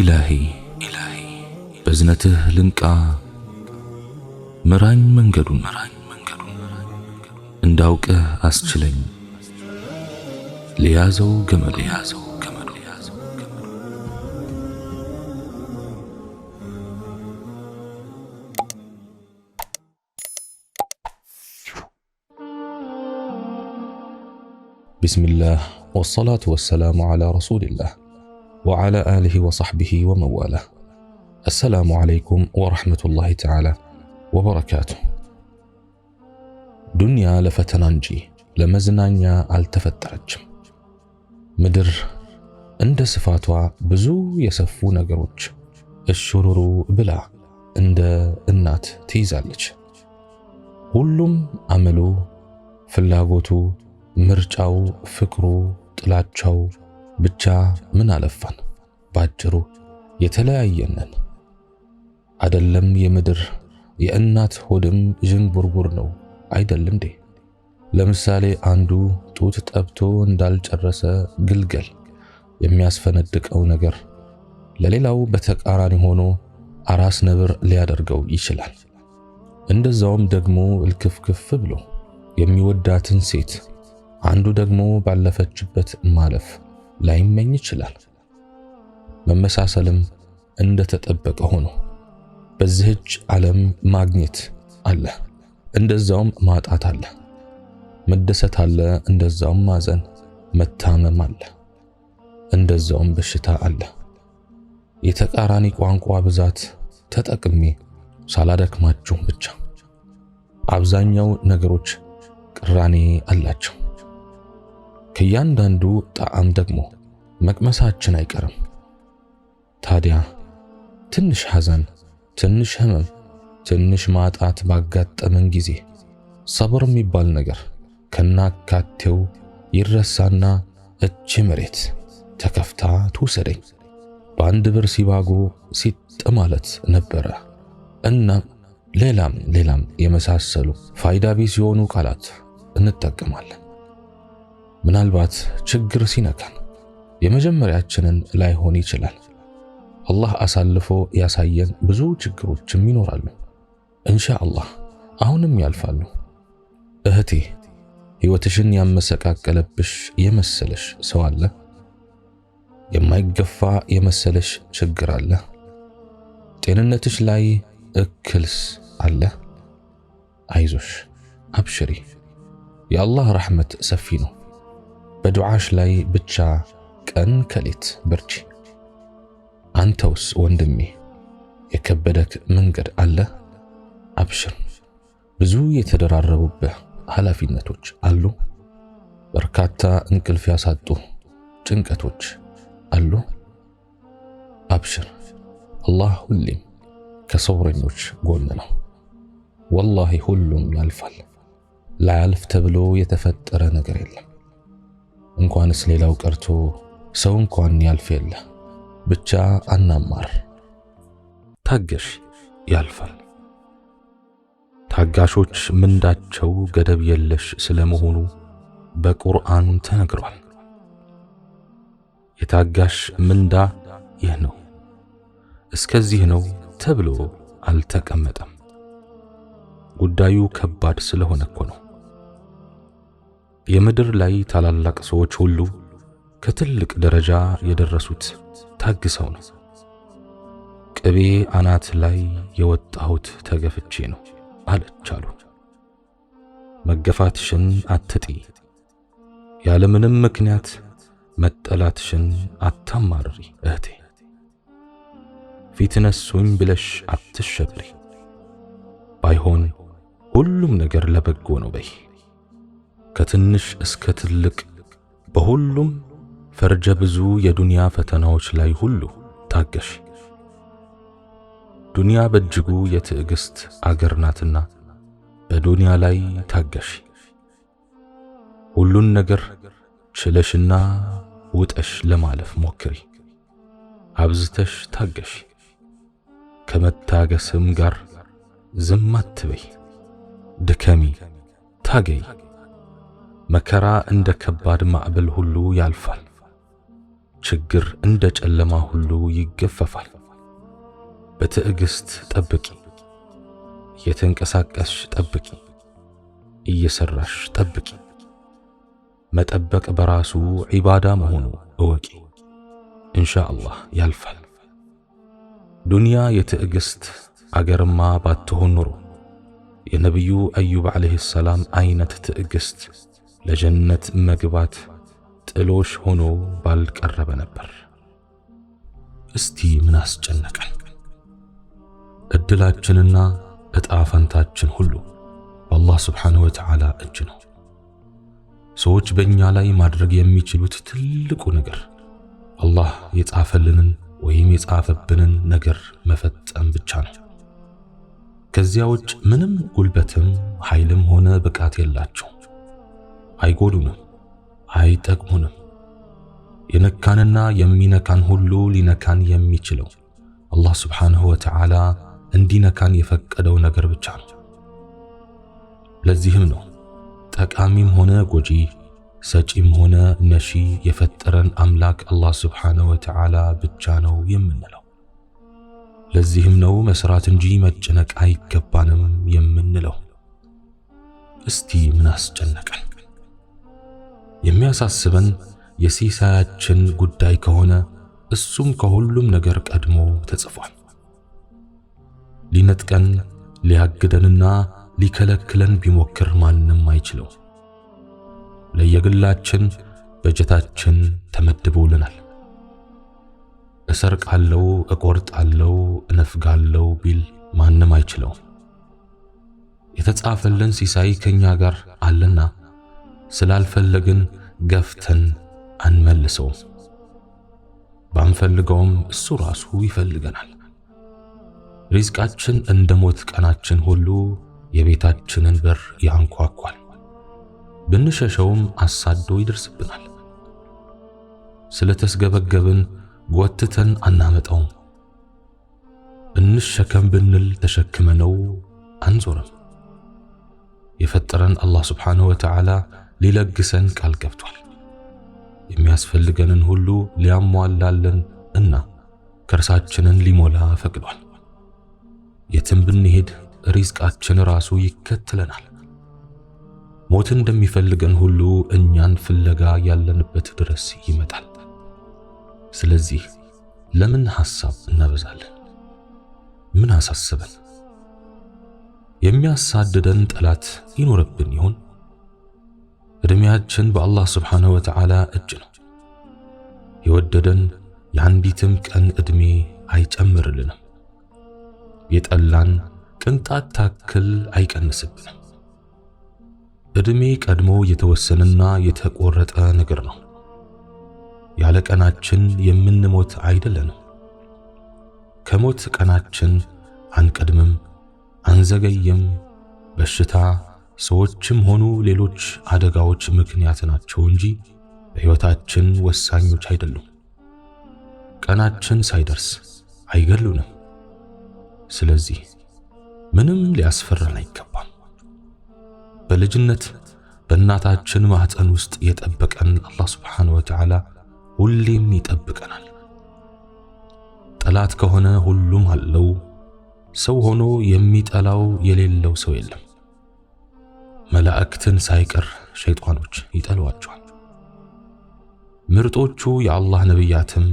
إلهي إلهي بزنته لنكا مران منجدو مران منجدو انداوك أسجلين ليازو جمل ليازو بسم الله والصلاة والسلام على رسول الله ወዓላ አሊሂ ወሰሕቢሂ ወመዋላህ። አሰላሙ ዓለይኩም ወረሕመቱላሂ ተዓላ ወበረካቱ። ዱንያ ለፈተና እንጂ ለመዝናኛ አልተፈጠረችም። ምድር እንደ ስፋቷ ብዙ የሰፉ ነገሮች እሽሩሩ ብላ እንደ እናት ትይዛለች። ሁሉም አመሉ፣ ፍላጎቱ፣ ምርጫው፣ ፍቅሩ፣ ጥላቻው ብቻ ምን አለፋን ባጭሩ የተለያየነን አደለም የምድር የእናት ሆድም ዥንጉርጉር ነው አይደል እንዴ? ለምሳሌ አንዱ ጡት ጠብቶ እንዳልጨረሰ ግልገል የሚያስፈነድቀው ነገር ለሌላው በተቃራኒ ሆኖ አራስ ነብር ሊያደርገው ይችላል። እንደዛውም ደግሞ እልክፍክፍ ብሎ የሚወዳትን ሴት አንዱ ደግሞ ባለፈችበት ማለፍ ላይመኝ ይችላል። መመሳሰልም እንደተጠበቀ ሆኖ በዚህች ዓለም ማግኘት አለ፣ እንደዛውም ማጣት አለ። መደሰት አለ፣ እንደዛውም ማዘን፣ መታመም አለ፣ እንደዛውም በሽታ አለ። የተቃራኒ ቋንቋ ብዛት ተጠቅሜ ሳላደክማችሁም ብቻ አብዛኛው ነገሮች ቅራኔ አላቸው። ከእያንዳንዱ ጣዕም ደግሞ መቅመሳችን አይቀርም። ታዲያ ትንሽ ሐዘን፣ ትንሽ ህመም፣ ትንሽ ማጣት ባጋጠመን ጊዜ ሰብር የሚባል ነገር ከናካቴው ይረሳና እቺ መሬት ተከፍታ ትውሰደኝ በአንድ ብር ሲባጎ ሲጥ ማለት ነበረ። እናም ሌላም ሌላም የመሳሰሉ ፋይዳ ቢስ የሆኑ ቃላት እንጠቀማለን። ምናልባት ችግር ሲነካን የመጀመሪያችንን ላይሆን ይችላል። አላህ አሳልፎ ያሳየን ብዙ ችግሮችም ይኖራሉ። እንሻአላህ አሁንም ያልፋሉ። እህቴ ሕይወትሽን ያመሰቃቀለብሽ የመሰለሽ ሰው አለ? የማይገፋ የመሰለሽ ችግር አለ? ጤንነትሽ ላይ እክልስ አለ? አይዞሽ፣ አብሽሪ፣ የአላህ ረሕመት ሰፊ ነው። በዱዓሽ ላይ ብቻ ቀን ከሌት በርቺ። አንተውስ ወንድሜ የከበደክ መንገድ አለ? አብሽር፣ ብዙ የተደራረቡብህ ኃላፊነቶች አሉ። በርካታ እንቅልፍ ያሳጡ ጭንቀቶች አሉ። አብሽር፣ አላህ ሁሌም ከሰብረኞች ጎን ነው። ወላሂ ሁሉም ያልፋል። ላያልፍ ተብሎ የተፈጠረ ነገር የለም። እንኳንስ ሌላው ቀርቶ ሰው እንኳን ያልፍ የለ ብቻ አናማር። ታገሽ፣ ያልፋል። ታጋሾች ምንዳቸው ገደብ የለሽ ስለመሆኑ በቁርአን ተነግሯል። የታጋሽ ምንዳ ይህ ነው፣ እስከዚህ ነው ተብሎ አልተቀመጠም። ጉዳዩ ከባድ ስለሆነ እኮ ነው። የምድር ላይ ታላላቅ ሰዎች ሁሉ ከትልቅ ደረጃ የደረሱት ታግሰው ነው። ቅቤ አናት ላይ የወጣሁት ተገፍቼ ነው አለች አሉ። መገፋትሽን አትጢ፣ ያለምንም ምክንያት መጠላትሽን አታማርሪ እህቴ። ፊት ነሱኝ ብለሽ አትሸብሪ፣ ባይሆን ሁሉም ነገር ለበጎ ነው በይ። ከትንሽ እስከ ትልቅ በሁሉም ፈርጀ ብዙ የዱንያ ፈተናዎች ላይ ሁሉ ታገሽ። ዱንያ በእጅጉ የትዕግስት አገር ናትና በዱንያ ላይ ታገሽ። ሁሉን ነገር ችለሽና ውጠሽ ለማለፍ ሞክሪ። አብዝተሽ ታገሽ። ከመታገስም ጋር ዝም አትበይ። ድከሚ፣ ታገይ። መከራ እንደ ከባድ ማዕበል ሁሉ ያልፋል። ችግር እንደ ጨለማ ሁሉ ይገፈፋል። በትዕግስት ጠብቂ፣ እየተንቀሳቀስሽ ጠብቂ፣ እየሰራሽ ጠብቂ። መጠበቅ በራሱ ዒባዳ መሆኑ እወቂ። ኢንሻአላህ ያልፋል። ዱንያ የትዕግስት አገርማ ባትሆን ኑሮ የነቢዩ አዩብ ዓለይሂ ሰላም አይነት ትዕግስት ለጀነት መግባት ጥሎሽ ሆኖ ባልቀረበ ነበር። እስቲ ምን አስጨነቀን? እድላችንና እጣ ፈንታችን ሁሉ በአላህ ስብሓንሁ ወተዓላ እጅ ነው። ሰዎች በእኛ ላይ ማድረግ የሚችሉት ትልቁ ነገር አላህ የጻፈልንን ወይም የጻፈብንን ነገር መፈጸም ብቻ ነው። ከዚያ ውጭ ምንም ጉልበትም ኃይልም ሆነ ብቃት የላቸው። አይጎዱንም፣ አይጠቅሙንም። የነካንና የሚነካን ሁሉ ሊነካን የሚችለው አላህ ስብሓንሁ ወተዓላ እንዲነካን የፈቀደው ነገር ብቻ ነው። ለዚህም ነው ጠቃሚም ሆነ ጎጂ፣ ሰጪም ሆነ ነሺ የፈጠረን አምላክ አላህ ስብሓንሁ ወተዓላ ብቻ ነው የምንለው። ለዚህም ነው መስራት እንጂ መጨነቅ አይገባንም የምንለው። እስቲ ምን አስጨነቀን? የሚያሳስበን የሲሳያችን ጉዳይ ከሆነ እሱም ከሁሉም ነገር ቀድሞ ተጽፏል። ሊነጥቀን ሊያግደንና ሊከለክለን ቢሞክር ማንም አይችለው። ለየግላችን በጀታችን ተመድቦልናል። እሰርቃለው፣ እቆርጣለው፣ እነፍጋለው ቢል ማንም አይችለውም። የተጻፈልን ሲሳይ ከኛ ጋር አለና ስላልፈለግን ገፍተን አንመልሰውም። ባንፈልገውም እሱ ራሱ ይፈልገናል። ሪዝቃችን እንደ ሞት ቀናችን ሁሉ የቤታችንን በር ያንኳኳል። ብንሸሸውም አሳዶ ይደርስብናል። ስለተስገበገብን ጎትተን አናመጣውም። እንሸከም ብንል ተሸክመነው አንዞረም የፈጠረን አላህ ሱብሓነሁ ወተዓላ ሊለግሰን ቃል ገብቷል። የሚያስፈልገንን ሁሉ ሊያሟላለን እና ከርሳችንን ሊሞላ ፈቅዷል። የትም ብንሄድ ሪዝቃችን ራሱ ይከተለናል። ሞት እንደሚፈልገን ሁሉ እኛን ፍለጋ ያለንበት ድረስ ይመጣል። ስለዚህ ለምን ሐሳብ እናበዛለን? ምን አሳሰበን? የሚያሳድደን ጠላት ይኖርብን ይሆን? ዕድሜያችን በአላህ ስብሓንሁ ወተዓላ እጅ ነው። የወደደን የአንዲትም ቀን ዕድሜ አይጨምርልንም። የጠላን ቅንጣት ታክል አይቀንስብንም። ዕድሜ ቀድሞ የተወሰነና የተቆረጠ ነገር ነው። ያለ ቀናችን የምንሞት አይደለንም። ከሞት ቀናችን አንቀድምም፣ አንዘገይም። በሽታ ሰዎችም ሆኑ ሌሎች አደጋዎች ምክንያት ናቸው እንጂ በሕይወታችን ወሳኞች አይደሉም። ቀናችን ሳይደርስ አይገሉንም። ስለዚህ ምንም ሊያስፈራን አይገባም። በልጅነት በእናታችን ማኅፀን ውስጥ የጠበቀን አላህ ሱብሓነሁ ወተዓላ ሁሌም ይጠብቀናል። ጠላት ከሆነ ሁሉም አለው። ሰው ሆኖ የሚጠላው የሌለው ሰው የለም። መላእክትን ሳይቀር ሸይጣኖች ይጠሏቸዋል። ምርጦቹ የአላህ ነቢያትም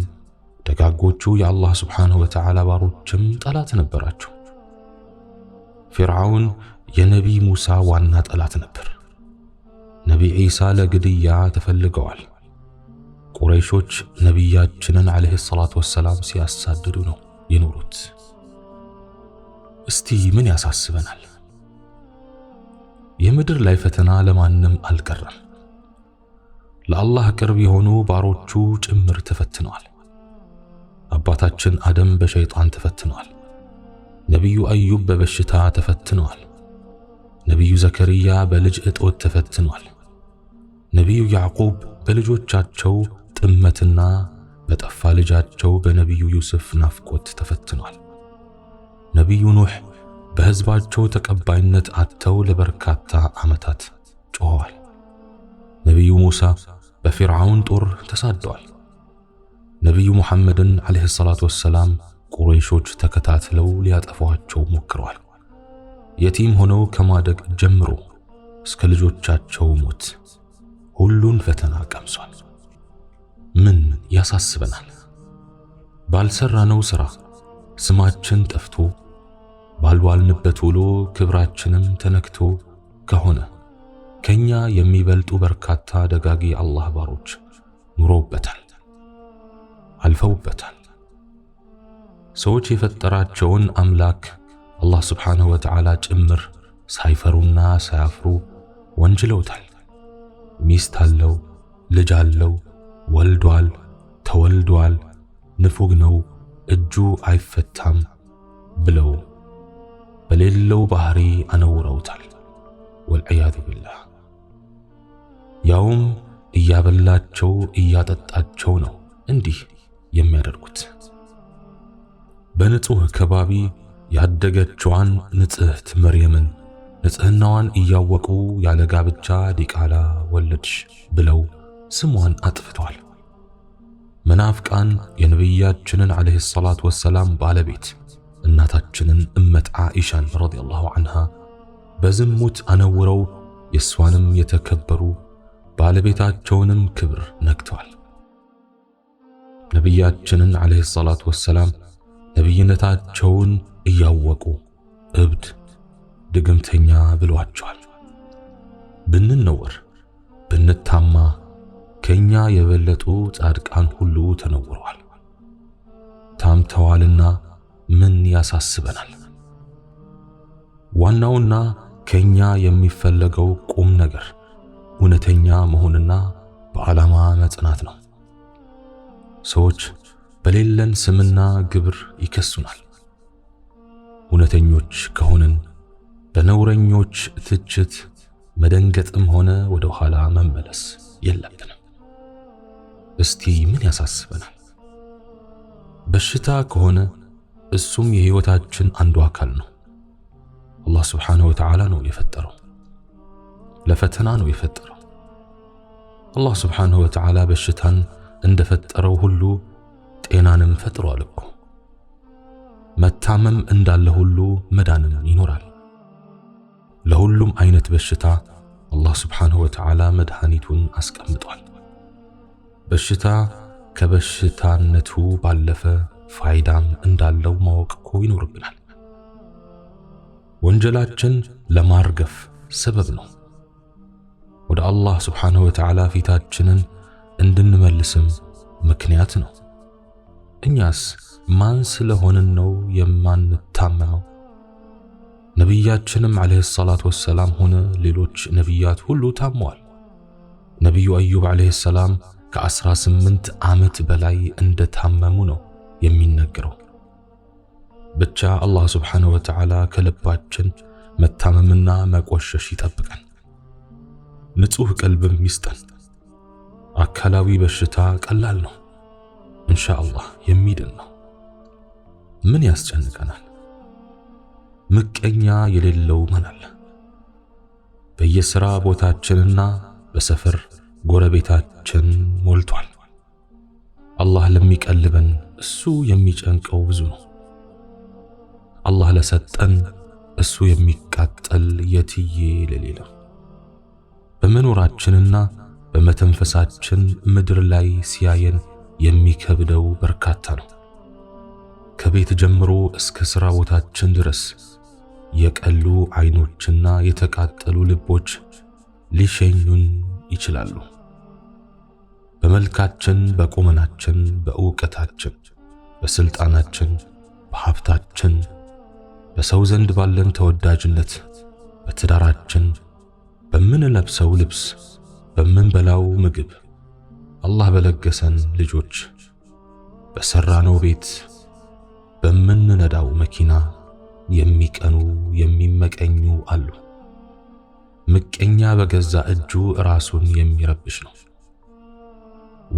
ደጋጎቹ የአላህ ሱብሓነሁ ወተዓላ ባሮችም ጠላት ነበራቸው። ፊርዓውን የነቢይ ሙሳ ዋና ጠላት ነበር። ነቢ ዒሳ ለግድያ ተፈልገዋል። ቁረይሾች ነቢያችንን ዓለይሂ ሰላቱ ወሰላም ሲያሳድዱ ነው የኖሩት። እስቲ ምን ያሳስበናል? የምድር ላይ ፈተና ለማንም አልቀረም። ለአላህ ቅርብ የሆኑ ባሮቹ ጭምር ተፈትነዋል። አባታችን አደም በሸይጣን ተፈትነዋል። ነቢዩ አዩብ በበሽታ ተፈትነዋል። ነቢዩ ዘከርያ በልጅ እጦት ተፈትኗል። ነቢዩ ያዕቁብ በልጆቻቸው ጥመትና በጠፋ ልጃቸው በነቢዩ ዩስፍ ናፍቆት ተፈትኗል። ነቢዩ ኑሕ በሕዝባቸው ተቀባይነት አጥተው ለበርካታ ዓመታት ጮኸዋል። ነቢዩ ሙሳ በፊርዓውን ጦር ተሳደዋል። ነቢዩ ሙሐመድን ዓለይሂ ሰላቱ ወሰላም ቁረይሾች ተከታትለው ሊያጠፏቸው ሞክረዋል። የቲም ሆነው ከማደግ ጀምሮ እስከ ልጆቻቸው ሞት ሁሉን ፈተና ቀምሷል። ምን ያሳስበናል? ባልሰራነው ሥራ ስማችን ጠፍቶ ባልዋልንበት ውሎ ክብራችንም ተነክቶ ከሆነ ከኛ የሚበልጡ በርካታ ደጋጊ አላህ ባሮች ኑሮበታል፣ አልፈውበታል። ሰዎች የፈጠራቸውን አምላክ አላህ ስብሓንሁ ወተዓላ ጭምር ሳይፈሩና ሳያፍሩ ወንጅለውታል። ሚስት አለው፣ ልጅ አለው፣ ወልዷል፣ ተወልዷል፣ ንፉግ ነው፣ እጁ አይፈታም ብለው በሌለው ባህሪ አነውረውታል። ወልዕያዙ ቢላህ ያውም እያበላቸው እያጠጣቸው ነው እንዲህ የሚያደርጉት። በንጹህ ከባቢ ያደገችዋን ንጽህት መርየምን ንጽህናዋን እያወቁ ያለ ጋብቻ ዲቃላ ወለድሽ ብለው ስሟን አጥፍቷል። መናፍቃን የነቢያችንን ዓለይሂ ሰላት ወሰላም ባለቤት እናታችንን እመት ዓኢሻን ረዲየላሁ አንሃ በዝሙት አነውረው የእሷንም የተከበሩ ባለቤታቸውንም ክብር ነክተዋል። ነቢያችንን ዓለይሂ ሰላቱ ወሰላም ነቢይነታቸውን እያወቁ እብድ ድግምተኛ ብሏቸዋል። ብንነወር ብንታማ ከኛ የበለጡ ጻድቃን ሁሉ ተነውረዋል ታምተዋልና ምን ያሳስበናል? ዋናውና ከኛ የሚፈለገው ቁም ነገር እውነተኛ መሆንና በዓላማ መጽናት ነው። ሰዎች በሌለን ስምና ግብር ይከሱናል። እውነተኞች ከሆንን በነውረኞች ትችት መደንገጥም ሆነ ወደ ኋላ መመለስ የለብንም። እስቲ ምን ያሳስበናል? በሽታ ከሆነ እሱም የህይወታችን አንዱ አካል ነው። አላህ ስብሓነሁ ወተዓላ ነው የፈጠረው፣ ለፈተና ነው የፈጠረው። አላህ ስብሓነሁ ወተዓላ በሽታን እንደፈጠረው ሁሉ ጤናንም ፈጥሯል እኮ። መታመም እንዳለ ሁሉ መዳንም ይኖራል። ለሁሉም አይነት በሽታ አላህ ስብሓነሁ ወተዓላ መድኃኒቱን አስቀምጧል። በሽታ ከበሽታነቱ ባለፈ ፋይዳም እንዳለው ማወቅ እኮ ይኖርብናል። ወንጀላችን ለማርገፍ ሰበብ ነው። ወደ አላህ ስብሓንሁ ወተዓላ ፊታችንን እንድንመልስም ምክንያት ነው። እኛስ ማን ስለሆንን ነው የማንታመመው? ነቢያችንም ዓለይሂ ሰላት ወሰላም ሆነ ሌሎች ነቢያት ሁሉ ታመዋል። ነቢዩ አዩብ ዓለይሂ ሰላም ከ18 ዓመት በላይ እንደታመሙ ነው የሚነገረው። ብቻ አላህ ስብሓነሁ ወተዓላ ከልባችን መታመምና መቆሸሽ ይጠብቀን፣ ንጹሕ ቀልብም ይስጠን። አካላዊ በሽታ ቀላል ነው፣ እንሻአላህ የሚድን ነው። ምን ያስጨንቀናል? ምቀኛ የሌለው ማን አለ? በየሥራ ቦታችንና በሰፈር ጎረቤታችን ሞልቷል። አላህ ለሚቀልበን እሱ የሚጨንቀው ብዙ ነው። አላህ ለሰጠን እሱ የሚቃጠል የትዬ ለሌለ በመኖራችንና በመተንፈሳችን ምድር ላይ ሲያየን የሚከብደው በርካታ ነው። ከቤት ጀምሮ እስከ ሥራ ቦታችን ድረስ የቀሉ አይኖችና የተቃጠሉ ልቦች ሊሸኙን ይችላሉ። በመልካችን፣ በቁመናችን፣ በእውቀታችን በስልጣናችን፣ በሀብታችን፣ በሰው ዘንድ ባለን ተወዳጅነት፣ በትዳራችን፣ በምንለብሰው ልብስ፣ በምንበላው ምግብ፣ አላህ በለገሰን ልጆች፣ በሰራነው ቤት፣ በምንነዳው መኪና የሚቀኑ የሚመቀኙ አሉ። ምቀኛ በገዛ እጁ ራሱን የሚረብሽ ነው።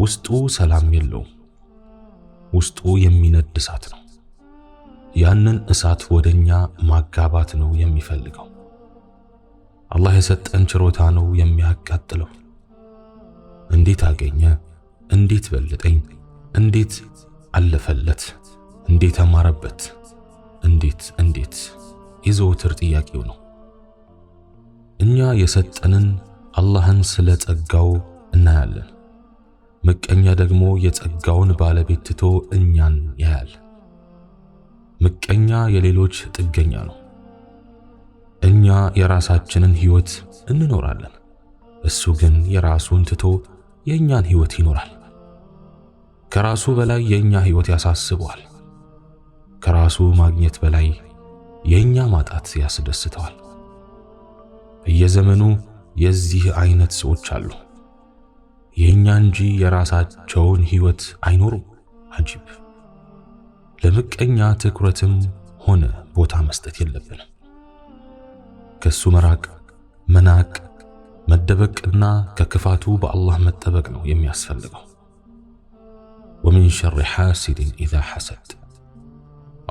ውስጡ ሰላም የለውም። ውስጡ የሚነድ እሳት ነው። ያንን እሳት ወደኛ ማጋባት ነው የሚፈልገው። አላህ የሰጠን ችሮታ ነው የሚያቃጥለው። እንዴት አገኘ፣ እንዴት በለጠኝ፣ እንዴት አለፈለት፣ እንዴት አማረበት፣ እንዴት እንዴት የዘወትር ጥያቄው ነው። እኛ የሰጠንን አላህን ስለ ጸጋው እናያለን። ምቀኛ ደግሞ የጸጋውን ባለቤት ትቶ እኛን ያያል። ምቀኛ የሌሎች ጥገኛ ነው። እኛ የራሳችንን ሕይወት እንኖራለን፣ እሱ ግን የራሱን ትቶ የእኛን ሕይወት ይኖራል። ከራሱ በላይ የእኛ ሕይወት ያሳስበዋል። ከራሱ ማግኘት በላይ የእኛ ማጣት ያስደስተዋል። እየዘመኑ የዚህ አይነት ሰዎች አሉ። የእኛ እንጂ የራሳቸውን ህይወት አይኖሩም። አጂብ! ለምቀኛ ትኩረትም ሆነ ቦታ መስጠት የለብንም። ከሱ መራቅ፣ መናቅ፣ መደበቅና ከክፋቱ በአላህ መጠበቅ ነው የሚያስፈልገው። ወሚን ሸሪ ሓሲድን ኢዛ ሐሰድ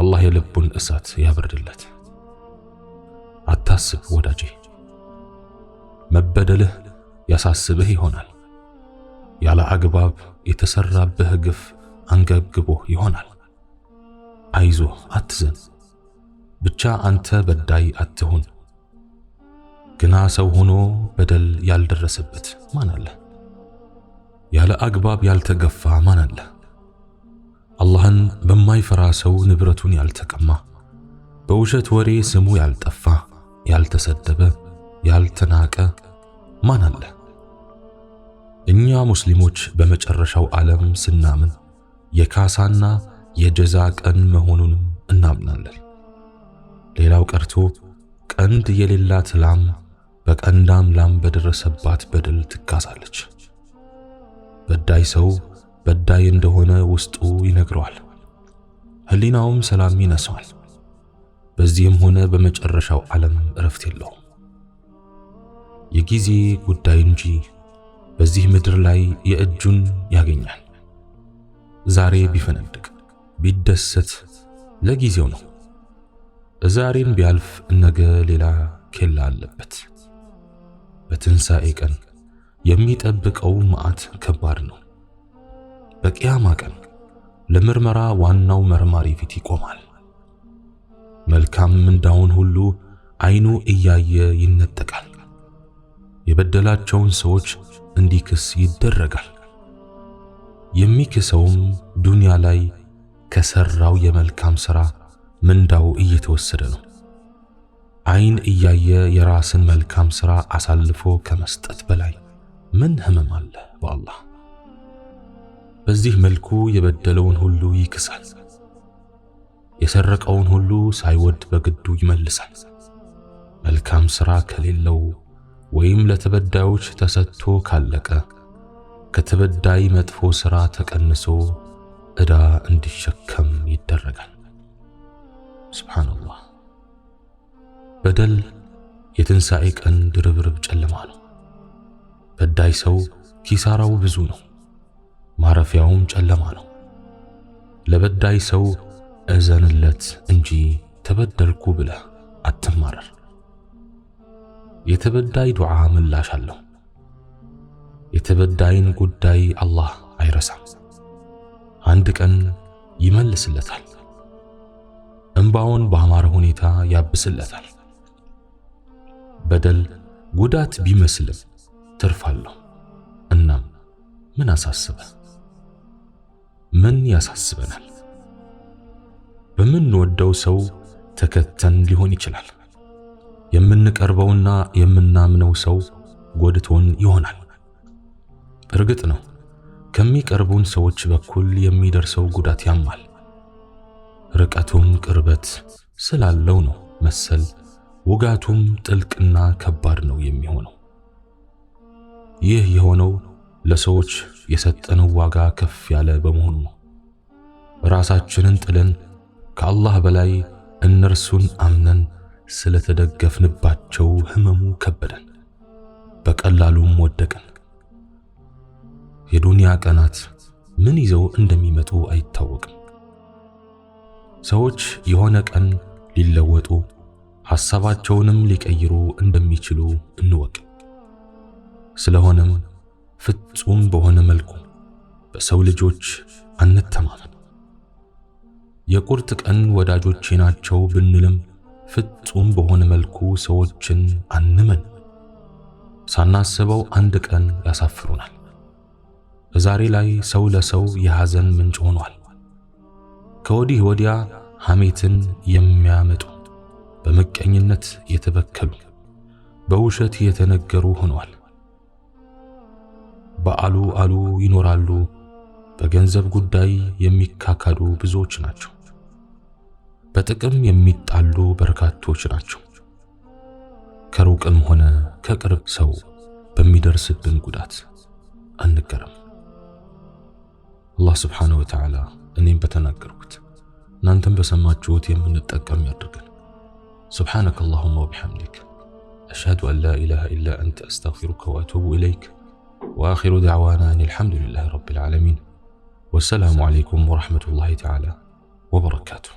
አላህ የልቡን እሳት ያበርድለት። አታስብ ወዳጄ፣ መበደልህ ያሳስብህ ይሆናል። ያለ አግባብ የተሰራብህ ግፍ አንገብግቦህ ይሆናል። አይዞህ፣ አትዘን። ብቻ አንተ በዳይ አትሁን። ግና ሰው ሆኖ በደል ያልደረሰበት ማን አለ? ያለ አግባብ ያልተገፋ ማን አለ? አላህን በማይፈራ ሰው ንብረቱን ያልተቀማ፣ በውሸት ወሬ ስሙ ያልጠፋ፣ ያልተሰደበ፣ ያልተናቀ ማን አለ? እኛ ሙስሊሞች በመጨረሻው ዓለም ስናምን የካሳና የጀዛ ቀን መሆኑንም እናምናለን። ሌላው ቀርቶ ቀንድ የሌላት ላም በቀንዳም ላም በደረሰባት በደል ትካሳለች። በዳይ ሰው በዳይ እንደሆነ ውስጡ ይነግረዋል፣ ሕሊናውም ሰላም ይነሳዋል። በዚህም ሆነ በመጨረሻው ዓለም እረፍት የለውም። የጊዜ ጉዳይ እንጂ በዚህ ምድር ላይ የእጁን ያገኛል። ዛሬ ቢፈነድቅ ቢደሰት ለጊዜው ነው። ዛሬን ቢያልፍ ነገ ሌላ ኬላ አለበት። በትንሣኤ ቀን የሚጠብቀው መዓት ከባድ ነው። በቂያማ ቀን ለምርመራ ዋናው መርማሪ ፊት ይቆማል። መልካም ምንዳውን ሁሉ አይኑ እያየ ይነጠቃል። የበደላቸውን ሰዎች እንዲክስ ይደረጋል። የሚክሰውም ዱንያ ላይ ከሰራው የመልካም ሥራ ምንዳው እየተወሰደ ነው። አይን እያየ የራስን መልካም ሥራ አሳልፎ ከመስጠት በላይ ምን ህመም አለ? በአላህ በዚህ መልኩ የበደለውን ሁሉ ይክሳል። የሰረቀውን ሁሉ ሳይወድ በግዱ ይመልሳል። መልካም ሥራ ከሌለው ወይም ለተበዳዮች ተሰጥቶ ካለቀ ከተበዳይ መጥፎ ሥራ ተቀንሶ ዕዳ እንዲሸከም ይደረጋል። ሱብሓነላህ። በደል የትንሣኤ ቀን ድርብርብ ጨለማ ነው። በዳይ ሰው ኪሳራው ብዙ ነው፣ ማረፊያውም ጨለማ ነው። ለበዳይ ሰው እዘንለት እንጂ ተበደልኩ ብለህ አትማረር። የተበዳይ ዱዓ ምላሽ አለው። የተበዳይን ጉዳይ አላህ አይረሳም፣ አንድ ቀን ይመልስለታል። እንባውን በአማረ ሁኔታ ያብስለታል። በደል ጉዳት ቢመስልም ትርፍ አለው። እናም ምን አሳስበ ምን ያሳስበናል? በምንወደው ሰው ተከተን ሊሆን ይችላል። የምንቀርበውና የምናምነው ሰው ጎድቶን ይሆናል። እርግጥ ነው ከሚቀርቡን ሰዎች በኩል የሚደርሰው ጉዳት ያማል። ርቀቱም ቅርበት ስላለው ነው መሰል ውጋቱም ጥልቅና ከባድ ነው የሚሆነው። ይህ የሆነው ለሰዎች የሰጠነው ዋጋ ከፍ ያለ በመሆኑ ነው። ራሳችንን ጥለን ከአላህ በላይ እነርሱን አምነን ስለተደገፍንባቸው ህመሙ ከበደን፣ በቀላሉም ወደቅን። የዱንያ ቀናት ምን ይዘው እንደሚመጡ አይታወቅም። ሰዎች የሆነ ቀን ሊለወጡ ሐሳባቸውንም ሊቀይሩ እንደሚችሉ እንወቅ። ስለሆነም ፍጹም በሆነ መልኩ በሰው ልጆች አንተማመን። የቁርጥ ቀን ወዳጆቼ ናቸው ብንልም ፍጹም በሆነ መልኩ ሰዎችን አንመን። ሳናስበው አንድ ቀን ያሳፍሩናል። በዛሬ ላይ ሰው ለሰው የሐዘን ምንጭ ሆኗል። ከወዲህ ወዲያ ሐሜትን የሚያመጡ በምቀኝነት የተበከሉ በውሸት የተነገሩ ሆነዋል። በአሉ አሉ ይኖራሉ። በገንዘብ ጉዳይ የሚካካዱ ብዙዎች ናቸው። በጥቅም የሚጣሉ በርካቶች ናቸው። ከሩቅም ሆነ ከቅርብ ሰው በሚደርስብን ጉዳት አንገረም። አላህ ስብሓነሁ ወተዓላ እኔም በተናገርኩት እናንተም በሰማችሁት የምንጠቀም ያድርገን። ስብሓነከ አላሁማ ወቢሐምዲክ አሽሃዱ አን ላ ኢላሃ ኢላ አንተ አስተግፊሩከ ወአቱቡ ኢለይክ ወአኺሩ ደዕዋና አን አልሐምዱሊላሂ ረቢል ዓለሚን ወሰላሙ ዓለይኩም ወረሕመቱላሂ ተዓላ ወበረካቱሁ።